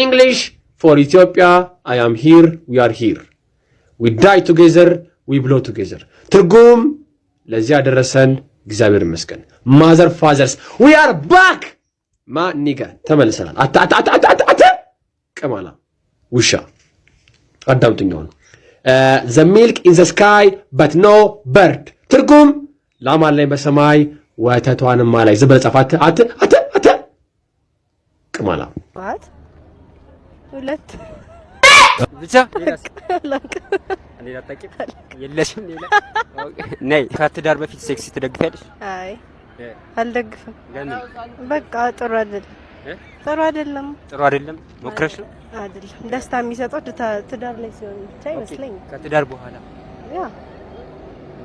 ኢንግሊሽ ፎር ኢትዮጵያ አይ አም ሂር ዊ አር ሂር ዊ ዳይ ቱጌዘር ዊ ብሎ ቱጌዘር። ትርጉም ለዚህ ያደረሰን እግዚአብሔር ይመስገን። ማዘር ፋዘርስ ዊ አር ባክ ማ ኒጋ ተመልሰናል። አታታታታታ ቀማላ ውሻ አዳምጥኛው ነው ዘ ሚልክ ኢን ዘ ስካይ በት ኖ በርድ ትርጉም ላም አለኝ በሰማይ ወተቷንም አላይ ዝም ብለህ ጻፍ። አት ቅማላ ሁለት ብቻ የለሽም። ነይ ከትዳር በፊት ሴክስ ትደግፊያለሽ? አይ አልደግፍም። በቃ ጥሩ አይደለም፣ ጥሩ አይደለም፣ ጥሩ አይደለም። ሞክረሽ ነው አይደለም። ደስታ የሚሰጠው ትዳር ላይ ሲሆን ብቻ ይመስለኛል። ከትዳር በኋላ ያ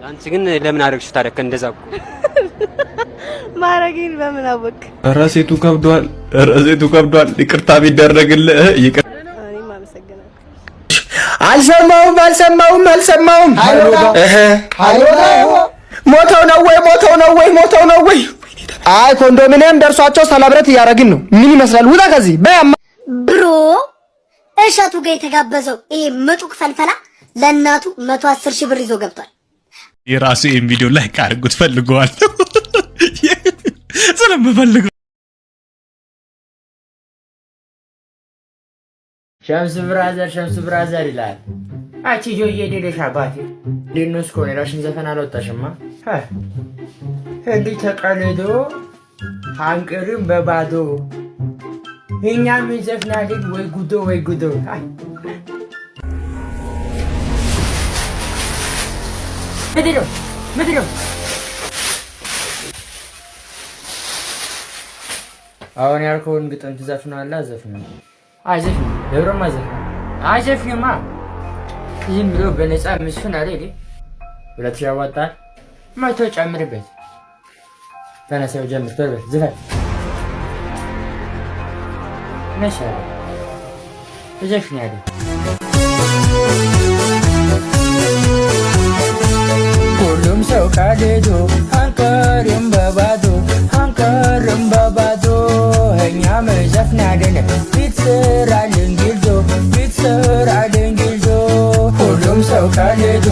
አንቺ ግን ለምን አደረግሽ ታዲያ? ከእንደዛ እኮ ማረግን በምን አወቅ? ኧረ ሴቱ ከብዷል፣ ኧረ ሴቱ ከብዷል። ይቅርታ ቢደረግልህ ይቅር አልሰማውም አልሰማውም አልሰማውም። ሞተው ነው ወይ ሞተው ነው ወይ ሞተው ነው ወይ? አይ ኮንዶሚኒየም ደርሷቸው ሰለብረት እያደረግን ነው። ምን ይመስላል? ውጣ ከዚህ በያማ ብሮ እሸቱ ጋር የተጋበዘው ይሄ ምጡቅ ፈልፈላ ለእናቱ መቶ አስር ሺህ ብር ይዞ ገብቷል። የራሱ ይህም ቪዲዮ ላይ ቃርጉት ፈልገዋል ስለምፈልገው ሸምስ ብራዘር ሸምስ ብራዘር ይላል። አቺ ጆዬ ዴደሽ አባቴ ዲኖስ ኮኔ ራሽን ዘፈን አልወጣሽማ እንዲህ ተቀልዶ አንቅርም በባዶ እኛ ምን ወይ ጉዶ ወይ ጉዶ ምንድን ነው አሁን ያልከውን ግጥም ትዘፍናለህ? አዘፍን አይዘፍንም ደብረም አይዘፍንም አይዘፍንማ። ዝም ብሎ በነፃ ምስፍን አለ ይ ሁለት ሺህ ያዋጣል። መቶ ጨምርበት። ተነሳው ጀምር ተርበት ዝፈን ነሻ ዘፍን ያለ ሁሉም ሰው ካደዶ አንቀርም በባዶ አንቀርም በባዶ እኛ መዘፍና ደነ ቢትስራ ድንግልዞ ቢትስራ ድንግልዞ ሁሉም ሰው ከልጆ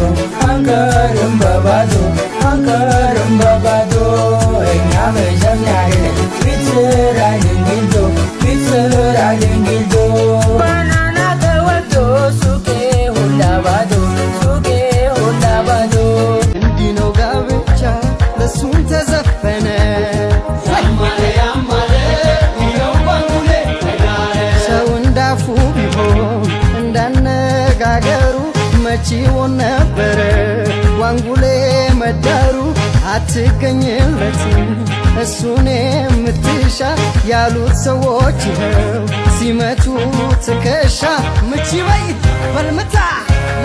አትገኝበት እሱን የምትሻ ያሉት ሰዎች ይኸው ሲመቱ ትከሻ ምቺ በይ በልምታ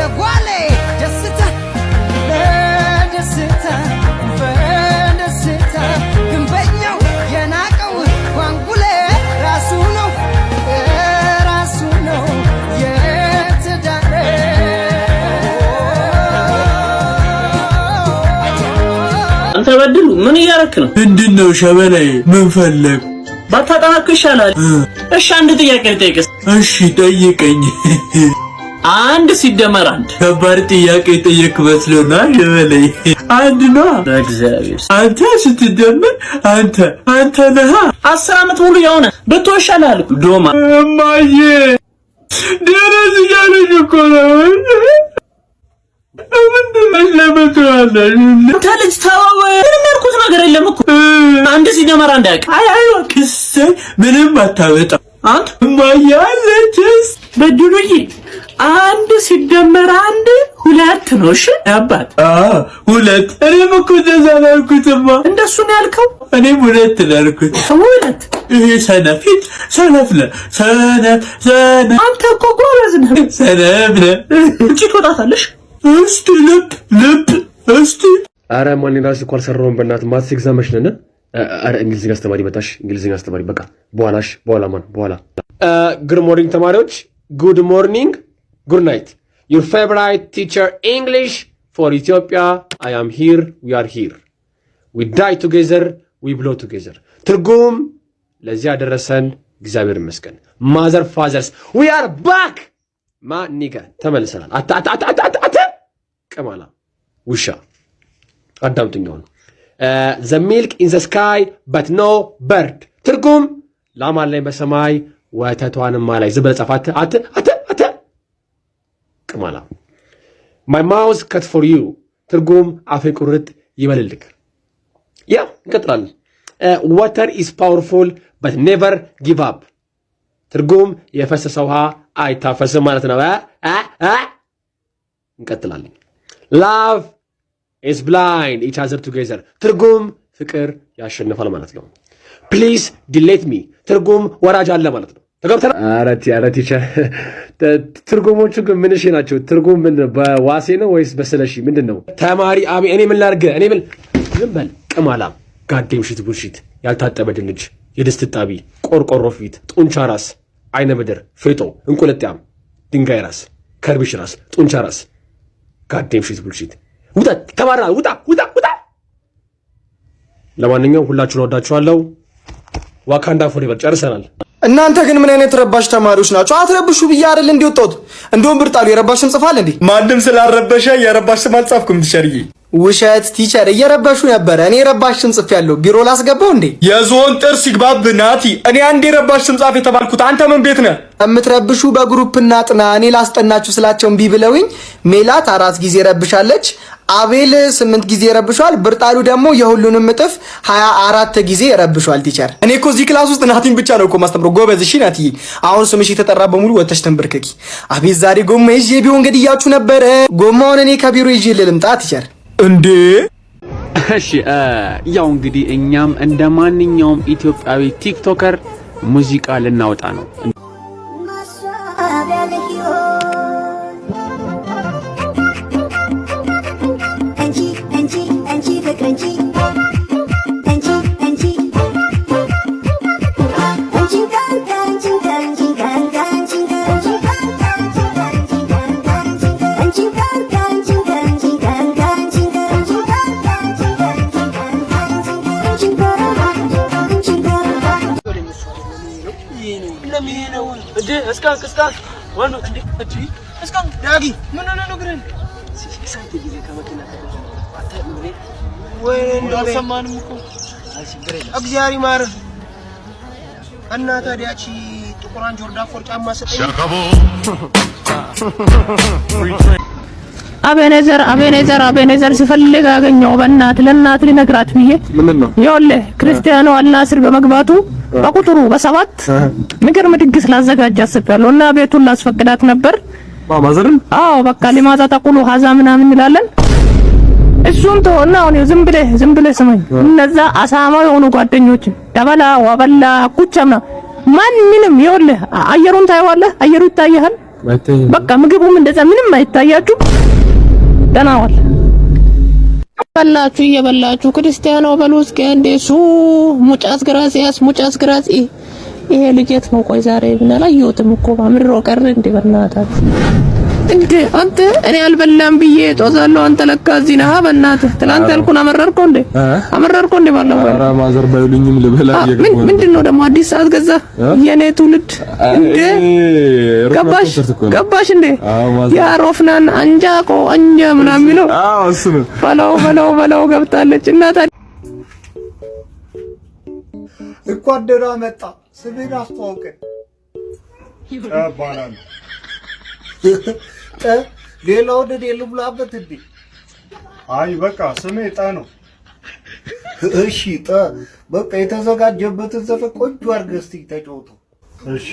ለጓሌ ደስታ በድሉ ምን እያረክ ነው? ምንድን ነው ሸበላይ? ምን ፈለግ? ባታጠናክ ይሻላል። እሺ አንድ ጥያቄ ልጠይቅስ? እሺ ጠይቀኝ። አንድ ሲደመር አንድ። ከባድ ጥያቄ ጠየቅ መስሎና ሸበላይ አንድ ነው። በእግዚአብሔር አንተ ስትደመር አንተ አንተ ነህ። አስር አመት ሙሉ የሆነ ብትሆን ይሻላል። ዶማ እማዬ ደረስ እያለኝ እኮ ነው ታለች ታወ ምንም ያልኩት ነገር የለም እኮ አንድ ሲጀመር አንድ ያውቅ አይ አይ ክስ ምንም አታወጣም። አንተ ማያለችስ በድሉይ አንድ ሲደመር አንድ ሁለት ነው። እሺ አባት ሁለት። እኔም እኮ እንደዛ ላልኩትማ እንደሱ ነው ያልከው። እኔም ሁለት ላልኩት ሁለት። ይሄ ሰነፊት ሰነፍ ነህ፣ ሰነፍ ሰነፍ። አንተ እኮ ጎበዝ ነህ፣ ሰነፍ ነህ። ውጪ ትወጣታለሽ እስቲ ልብ ልብ እስቲ አረ ማን ራስ እኮ አልሰራውም። በእናት ማትስ ኤግዛምሽ ነን። አረ እንግሊዝኛ አስተማሪ በታሽ እንግሊዝኛ አስተማሪ በቃ በኋላሽ በኋላ ማን በኋላ። ጉድ ሞርኒንግ ተማሪዎች፣ ጉድ ሞርኒንግ፣ ጉድ ናይት። ዩር ፌቨራይት ቲቸር ኢንግሊሽ ፎር ኢትዮጵያ። አይ አም ሂር፣ ዊ አር ሂር፣ ዊ ዳይ ቱጌዘር፣ ዊ ብሎ ቱጌዘር። ትርጉም ለዚህ ያደረሰን እግዚአብሔር ይመስገን። ማዘር ፋዘርስ ዊ አር ባክ። ማን ኒጋ ተመልሰናል። ቅማላ ውሻ። ነው። ዘ ሚልክ ኢን ዘ ስካይ በት ኖ በርድ ትርጉም ላማ ላይ በሰማይ ወተቷንም አላይ ዝም ብለህ ጻፍ። አተ አተ ቅማላ ማይ ማውዝ ከት ፎር ዩ ትርጉም አፌ ቁርጥ ይበልልክ። ያ እንቀጥላለን። ወተር ኢዝ ፓወርፉል በት ኔቨር ጊቭ አፕ ትርጉም የፈሰሰ ውሃ አይታፈስም ማለት ነው። እንቀጥላለን። ላቭ ኢዝ ብላይንድ ኢች አዘር ቱጌዘር ትርጉም ፍቅር ያሸንፋል ማለት ነው። ፕሊዝ ዲሌት ሚ ትርጉም ወራጅ አለ ማለት ነው። ትርጉሞቹ ግን ምን ናቸው? ትርጉም ምን በዋሴ ነው ወይስ በስለሺ ምንድን ነው? ተማሪ አቤ እኔ ምን ላድርግ? እኔ ምን ዝም በል ቅማላም ጋዴም ሽት ቡልሽት ያልታጠበ ድንች የድስት ጣቢ ቆርቆሮ ፊት ጡንቻ ራስ አይነ ምድር ፌጦ እንቁልጥያም ድንጋይ ራስ ከርቢሽ ራስ ጡንቻ ራስ ጋዴም ሽት ቡልሽት ውጣ፣ ከባራ ውጣ ውጣ ውጣ። ለማንኛውም ሁላችሁን ወዳችኋለሁ። ዋካንዳ ፎሬቨር ጨርሰናል። እናንተ ግን ምን አይነት ረባሽ ተማሪዎች ናቸው? አትረብሹ ብዬ አይደል እንዲወጣሁት። እንደውም ብርጣሉ የረባሽም ስም ጽፋል እንዴ? ማንም ስላልረበሸ የረባሽ ስም አልጻፍኩም ትሸርዬ ውሸት ቲቸር እየረበሹ ነበረ። እኔ የረባሽን ጽፍ ያለው ቢሮ ላስገባው እንዴ? የዞን ጥርስ ይግባብ ናቲ። እኔ አንዴ ረባሽን ጻፍ የተባልኩት አንተ ምን ቤት ነህ? እምትረብሹ በግሩፕና ጥና እኔ ላስጠናችሁ ስላቸው እምቢ ብለውኝ፣ ሜላት አራት ጊዜ ረብሻለች፣ አቤል ስምንት ጊዜ ረብሿል፣ ብርጣሉ ደግሞ የሁሉንም እጥፍ ሀያ አራት ጊዜ ረብሿል። ቲቸር እኔ እኮ እዚህ ክላስ ውስጥ ናቲን ብቻ ነው እኮ ማስተምሮ። ጎበዝ እሺ ናቲዬ፣ አሁን ስምሽ የተጠራ በሙሉ ወተሽ ትንብርክኪ። አቤት ዛሬ ጎማ ይዤ ቢሆን ገድያችሁ ነበረ። ጎማውን እኔ ከቢሮ ይዤ ልልምጣ ቲቸር እንዴ! እሺ ያው እንግዲህ እኛም እንደ ማንኛውም ኢትዮጵያዊ ቲክቶከር ሙዚቃ ልናወጣ ነው። ወንዶች እንዴ እጂ እስካሁን ዳጊ ምን አቤኔዘር አቤኔዘር አቤኔዘር ስፈልግ አገኘው በእናት ለእናት ልነግራት ብዬ ምንድን ነው ይኸውልህ ክርስቲያኑ አልናስር በመግባቱ በቁጥሩ በሰባት የሚገርም ድግስ ላዘጋጅ አስቤያለሁ እና ቤቱን ላስፈቅዳት ነበር። ማዘርን አዎ፣ በቃ ሊማዛ ተቁሉ ሀዛ ምናምን እንላለን። እሱን ተወና አሁን ዝም ብለህ ዝም ብለህ ስማኝ፣ እነዛ አሳማ የሆኑ ጓደኞች ደበላ፣ ወበላ ኩቻ ማን ምንም ይኸውልህ፣ አየሩን ታየዋለህ፣ አየሩ ይታያል። በቃ ምግቡም እንደዛ ምንም አይታያችሁ፣ ደህና ዋል በላችሁ እየበላችሁ ክርስቲያኖ በሉስ ገንዴሱ ሙጫስ ግራሲያስ ሙጫስ ግራሲ ይሄ ልጅት ነው። ቆይ ዛሬ ምን አላየሁትም እኮ ባምሮ ቀር እንደ በእናታችሁ እንዴ አንተ እኔ አልበላም ብዬ ጦዛለሁ። አንተ ለካ እዚህ ነህ። በእናትህ ትናንት ያልኩህን አመረርከው እንዴ? አመረርከው እንዴ? ባለፈው ኧረ ማዘር ባይሉኝም ልበላ እየገባሁ ምንድን ነው ደግሞ አዲስ ሰዓት ገዛ የኔ ትውልድ እንዴ ገባሽ ገባሽ እንዴ ያ ሮፍናን አንጃ አንጃ ምናምን የሚለው አዎ እሱ ነው። በለው በለው በለው ገብታለች እና ታዲያ እኮ አደራ መጣ ስሜን አስተዋውቀን ይባላል ሌላውን እኔ ልሙላበት እንዴ? አይ በቃ ስሜ ዕጣ ነው። እሺ ዕጣ በቃ የተዘጋጀበትን ዘፈን ቆንጆ አድርገህ እስኪ ተጫውተው። እሺ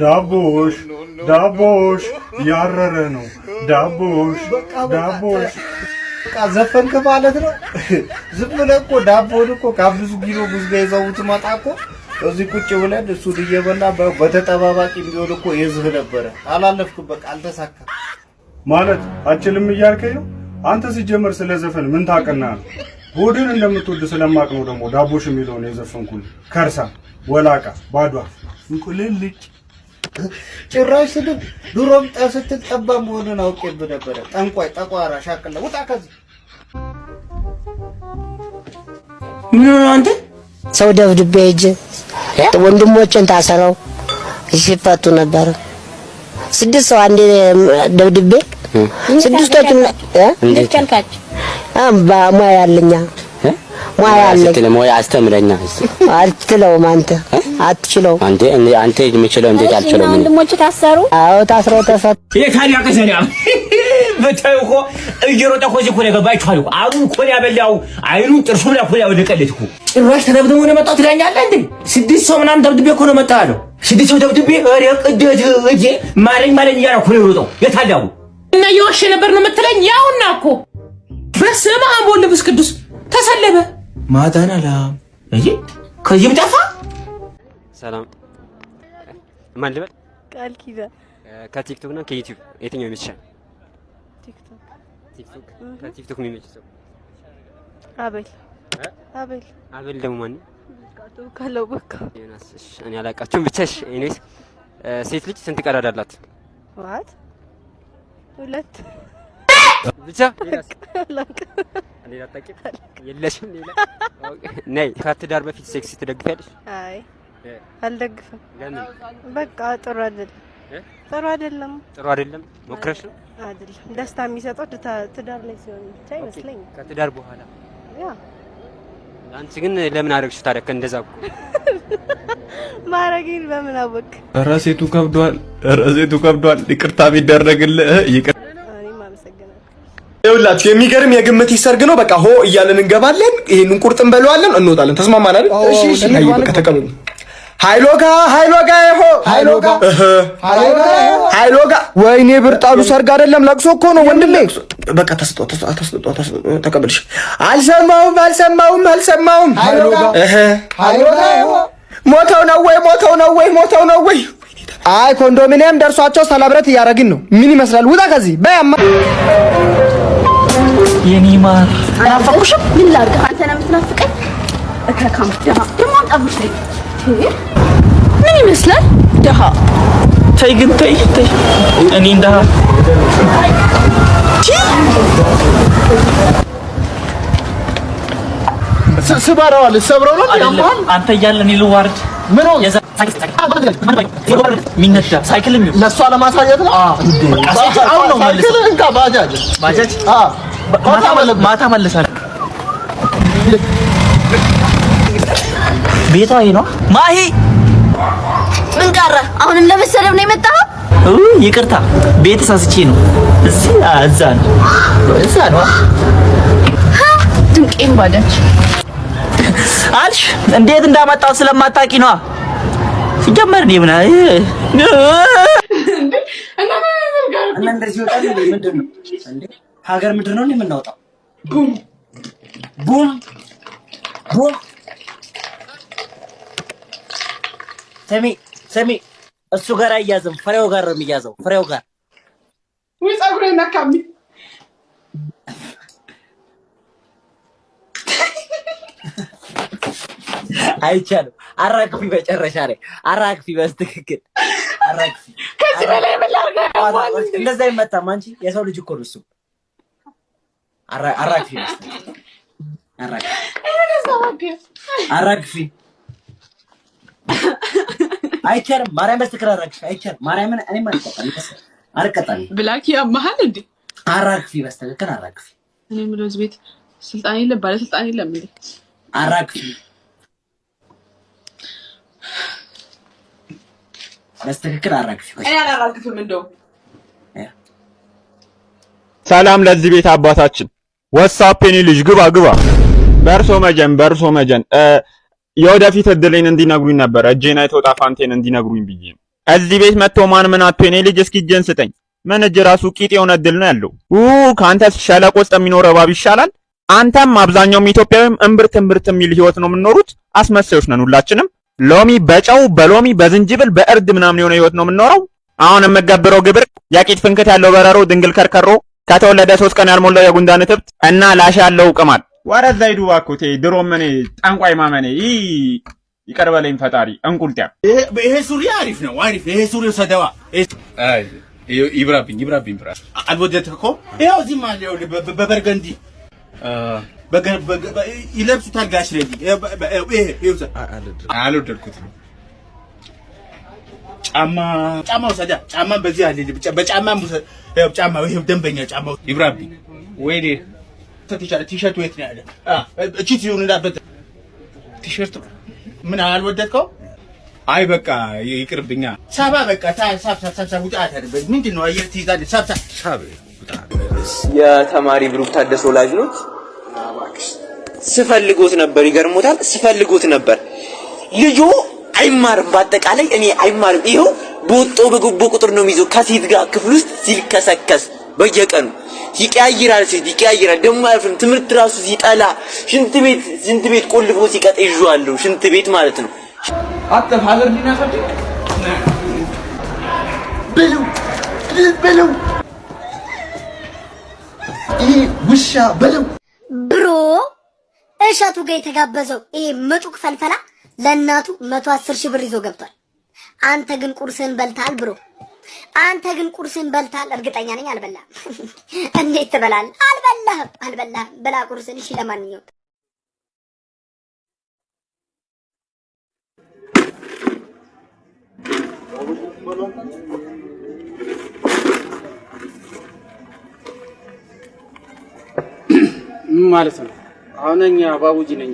ዳቦሽ ዳቦሽ ያረረ ነው ዳቦሽ ዳቦሽ በቃ ዘፈንክ ማለት ነው። ዝም ብለህ እኮ ዳቦን እኮ ከአምስቱ ኪሎ ሙዝ ጋር መጣ እኮ እዚህ ቁጭ ብለን እሱን እየበላ በተጠባባቂ ቢሆን እኮ የዝህ ነበረ። አላለፍኩም፣ በቃ አልተሳካም። ማለት አችልም እያልከኝ ነው አንተ? ሲጀመር ስለ ዘፈን ምን ታውቅና ነው? ሆድን እንደምትወድ ስለማቅ ነው ደግሞ ዳቦሽ የሚለውን የዘፈንኩል ከርሳ፣ ወላቃ፣ ባዷ፣ እንቁልልጭ ጭራሽ ስድብ። ድሮም ስትል ጠባ መሆንን አውቄብህ ነበረ። ጠንቋይ፣ ጠቋራ፣ ሻቅላ፣ ውጣ ከዚህ ምን አንተ ሰው ደብድቤ ሂጅ ወንድሞችን ታሰረው ሲፈቱ ነበር። ስድስት ሰው አንዴ ደብድቤ ስድስቶቹን ሙያ ያለኛ ሙያ ያለኝ ሙያ አስተምረኛ አትችለውም አንተ አትችለው አንተ አንተ የምችለው እንዴት አልችለውም። ወንድሞች ታሰሩ። አዎ ታስረው ተፈቱ። ብታዩ እኮ እየሮጠ እኮ እዚህ እኮ ነው የገባችኋል እኮ አሉን እኮ ነው ያበላው አይኑን ጥርሱ ላይ እኮ ነው ያወለቀለት እኮ ጭራሽ ተደብድቦ ነው የመጣው ትለኛለህ እንዴ? ስድስት ሰው ምናምን ደብድቤ እኮ ነው መጣ ያለው። ስድስት ሰው ደብድቤ እሬ ቅደት እጄ ማለኝ ማለኝ እያለ እኮ ነው የሮጠው። የታዳው እና እየዋሸ ነበር ነው የምትለኝ? ያውና እኮ በስመ አብ ወወልድ ወመንፈስ ቅዱስ ተሰለበ ማዳና ላ እይ ከዚህም ጠፋ። ሰላም ማን ልበል? ቃል ኪዳን ከቲክቶክ እና ከዩቲዩብ የትኛው ይመችሻል? ቲክቶክ ቲክቶክ ከቲክቶክ የሚመች ሰው አቤል አቤል አቤል ደግሞ ማን ካለው በቃ ዮናስ። እሺ እኔ አላውቃቸውም። ብቻ እሺ። ኤኒዌይስ ሴት ልጅ ስንት ቀዳዳ አላት? ዋት ሁለት ብቻ። የለሽም ሌላ። ነይ። ከትዳር በፊት ሴክስ ትደግፊያለሽ? አይ አልደግፍም። ለምን? በቃ ጥሩ አይደለም። ጥሩ አይደለም። ጥሩ አይደለም ሞክረሽ ነው አይደለም። ደስታ የሚሰጠው ትዳር ላይ ሲሆን ብቻ ከትዳር በኋላ አንቺ ግን ለምን አደረግሽ ታዲያ? ከእንደዛ እኮ ማረግን በምን አወቅ? ከብዷል፣ ከብዷል። ይቅርታ ቢደረግልህ ይቅር ይኸውላችሁ የሚገርም የግምት ይሰርግ ነው። በቃ ሆ እያለን እንገባለን። ይሄንን ቁርጥ እንበለዋለን፣ እንወጣለን። ተስማማን አይደል? እሺ እሺ። ሃይሎጋ ሃይሎጋ ይሆ ሃይሎጋ እህ ሃይሎጋ ሃይሎጋ ወይኔ ብርጣሉ ሰርግ አይደለም ለቅሶ እኮ ነው ወንድሜ። በቃ ተስጦ ተስጦ ተስጦ ተቀበልሽ። አልሰማውም አልሰማውም አልሰማውም። ሃይሎጋ ሃይሎጋ ይሆ ሞተው ነው ወይ ሞተው ነው ወይ ሞተው ነው ወይ? አይ ኮንዶሚኒየም ደርሷቸው ሰላብረት እያደረግን ነው። ምን ይመስላል? ውጣ ከዚህ በያማ የኔ ማር አላፈኩሽም። ምን ላድርግ? አንተ ነው የምትናፍቀኝ። እከካም ደማ ደማ አንጣብሽ ምን ይመስላል? ደሃ ተይ ግን ተይ ተይ፣ እኔን ደሃ ስበረዋል ሰብረው ነው ያማል። አንተ እያለ እኔ ልዋርድ ምን የሚነዳ ሳይክልም ይሁን ለእሷ ለማሳየት ነው። አሁን ነው ሳይክል እንካ ባጃጅ ባጃጅ ማታ መለሳለሁ ቤቷ ይሄ ነው። ማሂ ምን ቀረ? አሁንም ለመሰደብ ነው የመጣው? የመጣኸው? ይቅርታ ቤት ሳስቼ ነው። እዚህ እዛ ነው እዛ ነው። ድንቄን ባዳች አልሽ። እንዴት እንዳመጣው ስለማታውቂ ነዋ። ሲጀመር ነው ምና ሀገር ምድር ነው የምናወጣው ቡም ቡም ቡም ስሚ ስሚ፣ እሱ ጋር አያዝም፣ ፍሬው ጋር ነው የሚያዘው። ፍሬው ጋር ወይ ጸጉሬ ነካሚ አይቻልም። አራግፊ፣ መጨረሻ ላይ አራግፊ። በስትክክል አራግፊ። ከዚህ በላይ እንደዛ አይመታም። አንቺ የሰው ልጅ እኮ ነው እሱ። አራግፊ፣ አራግፊ፣ አራግፊ አይቻልም። ማርያም በስተክር አራግሽ አይቻልም። ማርያምን እኔም አልቀጣልም አልቀጣልም። ብላክ ያመሃል እንዴ አራግፊ፣ በስተክር አራግፊ። እኔ የምለው እዚህ ቤት ስልጣን የለም ባለስልጣን የለም እንዴ አራግፊ። በስተክክል አራግፊ። እኔ አላራግፍም። እንደው ሰላም ለዚህ ቤት አባታችን ወሳፔኒ ልጅ ግባ ግባ። በርሶ መጀን በርሶ መጀን የወደፊት እድሌን እንዲነግሩኝ ነበር። እጄን አይቶ ጣፋንቴን እንዲነግሩኝ ብዬ እዚህ ቤት መጥቶ ማን ምን አቶ የኔ ልጅ እስኪ እጄን ስጠኝ። ምን እጅ ራሱ ቂጥ የሆነ እድል ነው ያለው። ከአንተስ ሸለቆ ውስጥ የሚኖር እባብ ይሻላል። አንተም አብዛኛውም ኢትዮጵያዊም እምብርት እምብርት የሚል ህይወት ነው የምንኖሩት። አስመሳዮች ነን ሁላችንም። ሎሚ በጨው በሎሚ በዝንጅብል በእርድ ምናምን የሆነ ህይወት ነው የምንኖረው። አሁን የምገብረው ግብር የቂጥ ፍንክት ያለው በረሮ ድንግል ከርከሮ ከተወለደ ሶስት ቀን ያልሞላው የጉንዳን እትብት እና ላሻ ያለው ቅማል ወረዛ ሂዱ እባክዎ። ቴ ድሮም እኔ ጠንቋይ ማመኔ ይህ ይቀርበለኝ ፈጣሪ። እንቁልጤ ይሄ ሱሪ አሪፍ ነው፣ አሪፍ ይሄ ሱሪ ሰደባ ይብራብኝ፣ ይብራብኝ። ብራ አልወደድክ ይኸው እዚህም አለ። ይኸውልህ በበርገንዲ ይለብሱታል። ጋሽ ሬዲ አልወደድኩትም። ጫማ ጫማው ሰዳ ጫማን በዚህ አለ። በጫማ ደንበኛ ጫማው ይብራብኝ ወይ መክተት ይቻላል። ቲሸርት የት ነው ያለ? እቺ ትዩን እንዳበት ቲሸርት ምን አልወደድከው? አይ በቃ ይቅርብኛ። ሳባ በቃ ሳብ ሳብ ሳብ ውጣ። ታድበኝ ምንድን ነው አየር ትይዛለህ? ሳብ ሳብ ሳብ የተማሪ ብሩክ ታደሰ ወላጅ ኖት። ስፈልጎት ነበር። ይገርሞታል። ስፈልጎት ነበር ልጁ አይማርም። በአጠቃላይ እኔ አይማርም። ይኸው በወጣው በጉቦ ቁጥር ነው የሚይዘው ከሴት ጋር ክፍል ውስጥ ሲልከሰከስ በየቀኑ ይቀያይራል። ሴት ይቀያይራል። ደግሞ አያርፍም። ትምህርት ራሱ ሲጠላ ሽንት ቤት ሽንት ቤት ቆልፎ ሲቀጥ ይዤዋለሁ። ሽንት ቤት ማለት ነው። ውሻ በለው ብሮ እሸቱ ጋር የተጋበዘው ይሄ ምጡቅ ፈልፈላ ለእናቱ መቶ አስር ሺህ ብር ይዞ ገብቷል። አንተ ግን ቁርስን በልታል ብሮ አንተ ግን ቁርስን በልታል? እርግጠኛ ነኝ አልበላህም። እንዴት ትበላል? አልበላህም፣ አልበላህም። ብላ ቁርስን። እሺ፣ ለማንኛውም ማለት ነው። አሁን እኛ ነኝ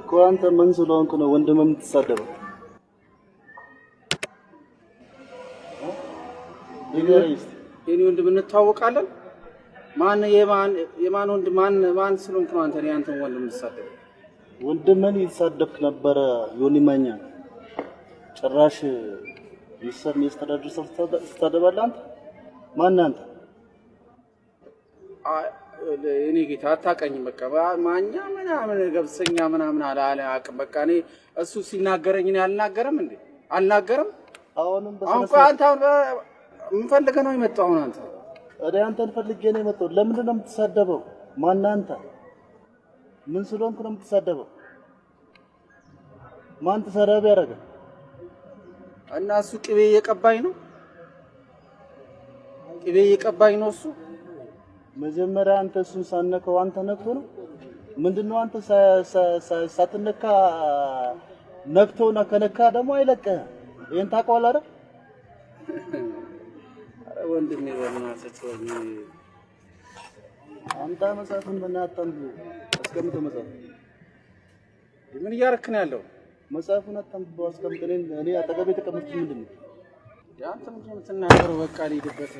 እኮ አንተ ምን ስለሆንኩ ነው ወንድምም የምትሳደበው? የኔ ወንድም እንተዋወቃለን። ማን የማን ወንድ ማን ማን ስለሆንክ ነው አንተ አንተን ወንድም የምትሳደብ? ወንድምን ይሳደብክ ነበረ ዮኒ ማኛ። ጭራሽ ይሰም የስተዳድር ሰው ትሳደባለህ አንተ። ማን አንተ? እኔ ጌታ አታውቀኝም። በቃ ማኛ ምናምን ገብሰኛ ምናምን አለ አለ አቅም በቃ እኔ እሱ ሲናገረኝ እኔ አልናገርም እንዴ አልናገረም። አሁንም በሰላም አንተ አሁን የምፈልገህ ነው የመጣው? አሁን አንተ ታዲያ አንተን ፈልጌ ነው የመጣው። ለምንድን ነው የምትሳደበው? ማነህ አንተ? ምን ስለሆንክ ነው የምትሳደበው? ማን ተሳዳቢ ያደረገ እና እሱ ቅቤ እየቀባኝ ነው፣ ቅቤ እየቀባኝ ነው እሱ። መጀመሪያ አንተ እሱን ሳነከው አንተ ነክቶ ነው ምንድነው? አንተ ሳትነካ ነክቶ ነው። ከነካ ደግሞ አይለቀህም። ይሄን ታውቀዋለህ አይደል? ወንድሜ በእናትህ አምጣ መጽሐፍን በእናትህ አምጡ። አስቀምጠው መጽሐፍ ምን እያደረክ ነው ያለው? መጽሐፉን አታምብበው አስቀምጥ። እኔ አጠገቤ የተቀመጥኩት ምንድን ነው? የአንተ ምንድን ነው የምትናገረው? በቃ ልሂድበት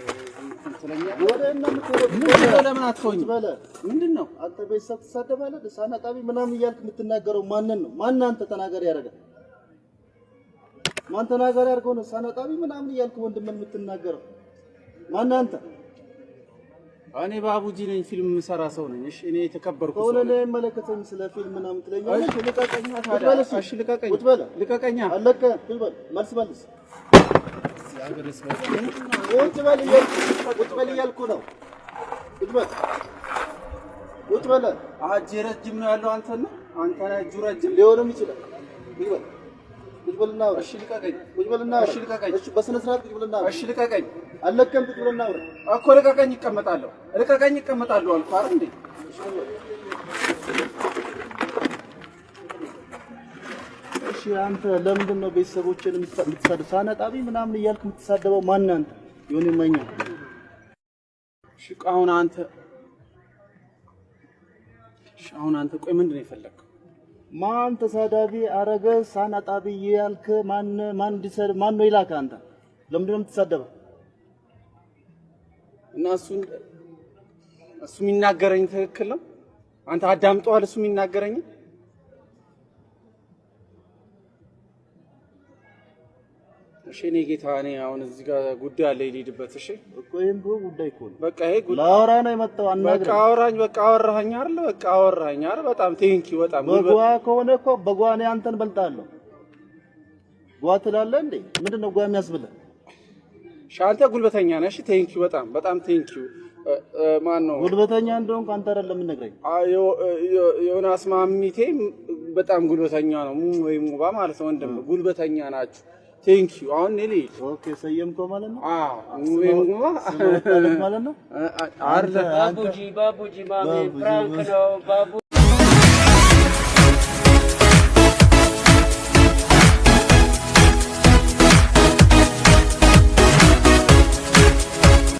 ምንድን ነው አንተ ቤተሰብ ትሳደባለህ፣ ልሳን አቃቢ ምናምን እያልክ የምትናገረው ማንን ነው? ማን አንተ ተናጋሪ ያደርጋል? ማን ተናጋሪ ያደርገው ነው? ልሳን አቃቢ ምናምን እያልክ ወንድምን የምትናገረው ማነህ አንተ? እኔ ባቡጂ ነኝ፣ ፊልም የምሰራ ሰው ነኝ። እሺ፣ እኔ የተከበርኩ ሰው ነኝ። ስለ ፊልም ምናምን ትለኛለህ። ልቀቀኛ ታዲያ። እሺ፣ ልቀቀኝ፣ ልቀቀኛ። አለቀ። መልስ መልስ። እያልኩ ነው። እጅ ረጅም ነው ያለው አንተ ነህ እጁ ረጅም ሊሆንም ይችላል። ቁጭ በልና አውራ። እሺ ልቀቀኝ። ቁጭ በልና ይቀመጣለሁ። ልቀቀኝ። ይቀመጣለሁ አልኩህ አይደል እንዴ? እሺ አንተ ለምንድን ነው ቤተሰቦችን የምትሳደብ? ሳነጣቢ ምናምን እያልክ የምትሳደበው አንተ? ይመኛ። አሁን አንተ አሁን አንተ ቆይ ምንድን ነው የፈለግከው? ማን ተሳዳቢ አረገ ሳናጣቢ ያልክ ማን ማን ዲሰር ማን ነው ይላከ? አንተ ለምንድን ነው የምትሳደበው? እና እሱን እሱ የሚናገረኝ ትክክል ነው? አንተ አዳምጠዋል? እሱ የሚናገረኝ እሺ እኔ ጌታ እኔ አሁን እዚህ ጋር ጉዳይ አለ ይሄድበት። እሺ እኮ ይሄን ብሎ ጉዳይ እኮ ነው። በቃ ይሄ ጉዳይ ላወራ ነው የመጣው። አናግረኝ። በቃ አወራኝ። በቃ አወራኸኝ አይደል? በቃ አወራኸኝ አይደል? በጣም ቴንኪ። በጣም በጓ ከሆነ እኮ በጓ እኔ አንተን በልጣለሁ። ጓ ትላለህ እንዴ? ምንድን ነው ጓ የሚያስብልህ? እሺ አንተ ጉልበተኛ ነህ። እሺ ቴንኪ። በጣም በጣም ቴንኪ። ማን ነው ጉልበተኛ እንደሆንኩ አንተ አይደለም የምነግረኝ። ዮናስ ማሚቴ በጣም ጉልበተኛ ነው ወይ ሙባ ማለት ነው። ወንድም ጉልበተኛ ናችሁ ቴንክ ዩ። አሁን እኔ ልሂድ። ኦኬ ሰየምከው ማለት ነው። አዎ ማለት ነው። ባቡጂ ባቡጂ ማሜ ፍራንክ ነው ባቡ